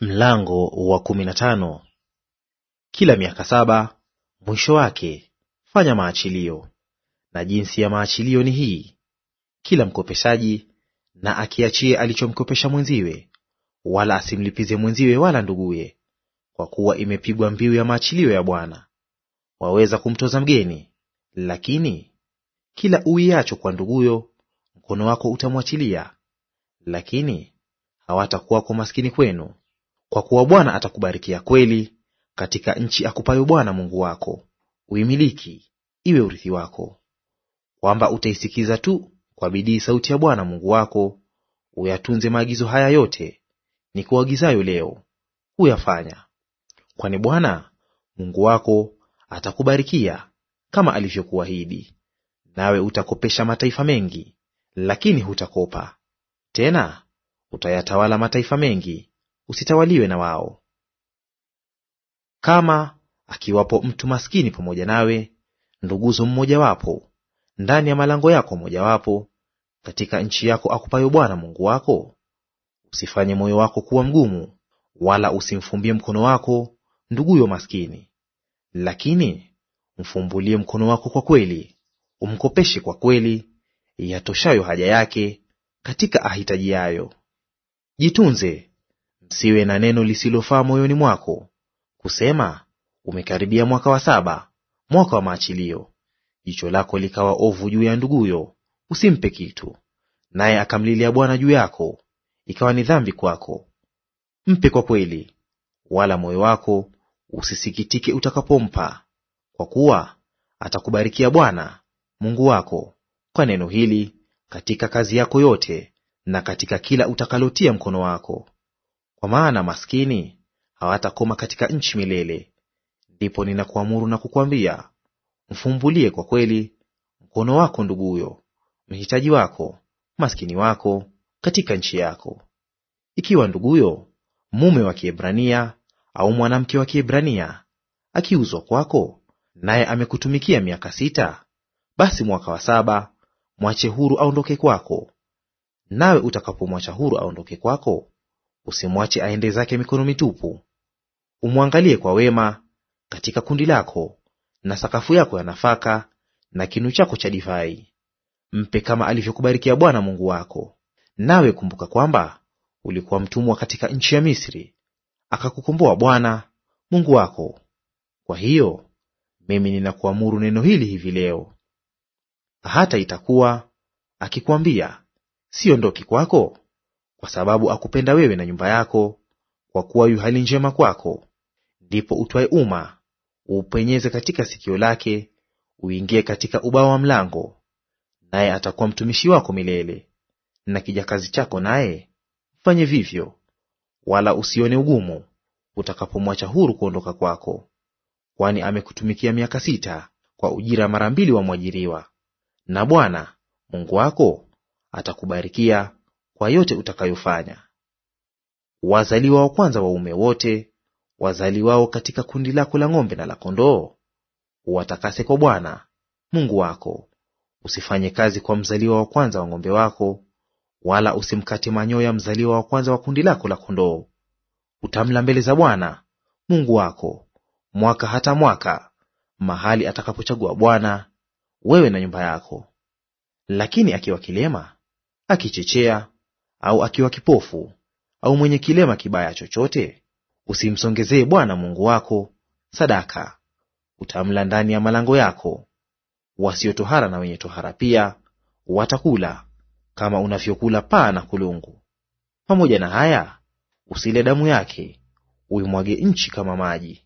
Mlango wa kumi na tano. Kila miaka saba mwisho wake fanya maachilio. Na jinsi ya maachilio ni hii: kila mkopeshaji na akiachie alichomkopesha mwenziwe, wala asimlipize mwenziwe wala nduguye, kwa kuwa imepigwa mbiu ya maachilio ya Bwana. Waweza kumtoza mgeni, lakini kila uiacho kwa nduguyo mkono wako utamwachilia, lakini hawatakuwako maskini kwenu kwa kuwa Bwana atakubarikia kweli katika nchi akupayo Bwana Mungu wako, uimiliki iwe urithi wako; kwamba utaisikiza tu kwa bidii sauti ya Bwana Mungu wako, uyatunze maagizo haya yote ni kuagizayo leo kuyafanya. Kwani Bwana Mungu wako atakubarikia kama alivyokuahidi, nawe utakopesha mataifa mengi, lakini hutakopa; tena utayatawala mataifa mengi usitawaliwe na wao. Kama akiwapo mtu maskini pamoja nawe, nduguzo mmojawapo ndani ya malango yako mmojawapo katika nchi yako akupayo Bwana Mungu wako, usifanye moyo wako kuwa mgumu, wala usimfumbie mkono wako nduguyo maskini, lakini mfumbulie mkono wako kwa kweli, umkopeshe kwa kweli yatoshayo haja yake katika ahitaji yayo. Jitunze msiwe na neno lisilofaa moyoni mwako kusema, umekaribia mwaka wa saba, mwaka wa maachilio. Jicho lako likawa ovu juu ya nduguyo, usimpe kitu, naye akamlilia Bwana juu yako, ikawa ni dhambi kwako. Mpe kwa kweli, wala moyo wako usisikitike utakapompa, kwa kuwa atakubarikia Bwana Mungu wako kwa neno hili katika kazi yako yote na katika kila utakalotia mkono wako. Kwa maana maskini hawatakoma katika nchi milele. Ndipo ninakuamuru na kukwambia, mfumbulie kwa kweli mkono wako nduguyo, mhitaji wako, maskini wako katika nchi yako. Ikiwa nduguyo mume wa Kiebrania au mwanamke wa Kiebrania akiuzwa kwako, naye amekutumikia miaka sita, basi mwaka wa saba mwache huru aondoke kwako. Nawe utakapomwacha huru aondoke kwako, Usimwache aende zake mikono mitupu. Umwangalie kwa wema katika kundi lako, na sakafu yako ya nafaka, na kinu chako cha divai. Mpe kama alivyokubarikia Bwana Mungu wako. Nawe kumbuka kwamba ulikuwa mtumwa katika nchi ya Misri, akakukomboa Bwana Mungu wako. Kwa hiyo mimi ninakuamuru neno hili hivi leo. Hata itakuwa akikwambia siondoki kwako, kwa sababu akupenda wewe na nyumba yako, kwa kuwa yu hali njema kwako. Ndipo utwae uma uupenyeze katika sikio lake, uingie katika ubao wa mlango, naye atakuwa mtumishi wako milele. Na kijakazi chako naye mfanye vivyo, wala usione ugumu utakapomwacha huru kuondoka kwako, kwani amekutumikia miaka sita kwa ujira mara mbili wa mwajiriwa. Na Bwana Mungu wako atakubarikia kwa yote utakayofanya. Wazaliwa wa kwanza waume wote wazaliwao katika kundi lako la ng'ombe na la kondoo watakase kwa Bwana Mungu wako. Usifanye kazi kwa mzaliwa wa kwanza wa ng'ombe wako, wala usimkate manyoya mzaliwa wa kwanza wa kundi lako la kondoo. Utamla mbele za Bwana Mungu wako mwaka hata mwaka, mahali atakapochagua Bwana wewe na nyumba yako. Lakini akiwa kilema, akichechea au akiwa kipofu au mwenye kilema kibaya chochote, usimsongezee Bwana Mungu wako sadaka. Utamla ndani ya malango yako. wasiotohara na wenye tohara pia watakula, kama unavyokula paa na kulungu. Pamoja na haya, usile damu yake, uimwage nchi kama maji.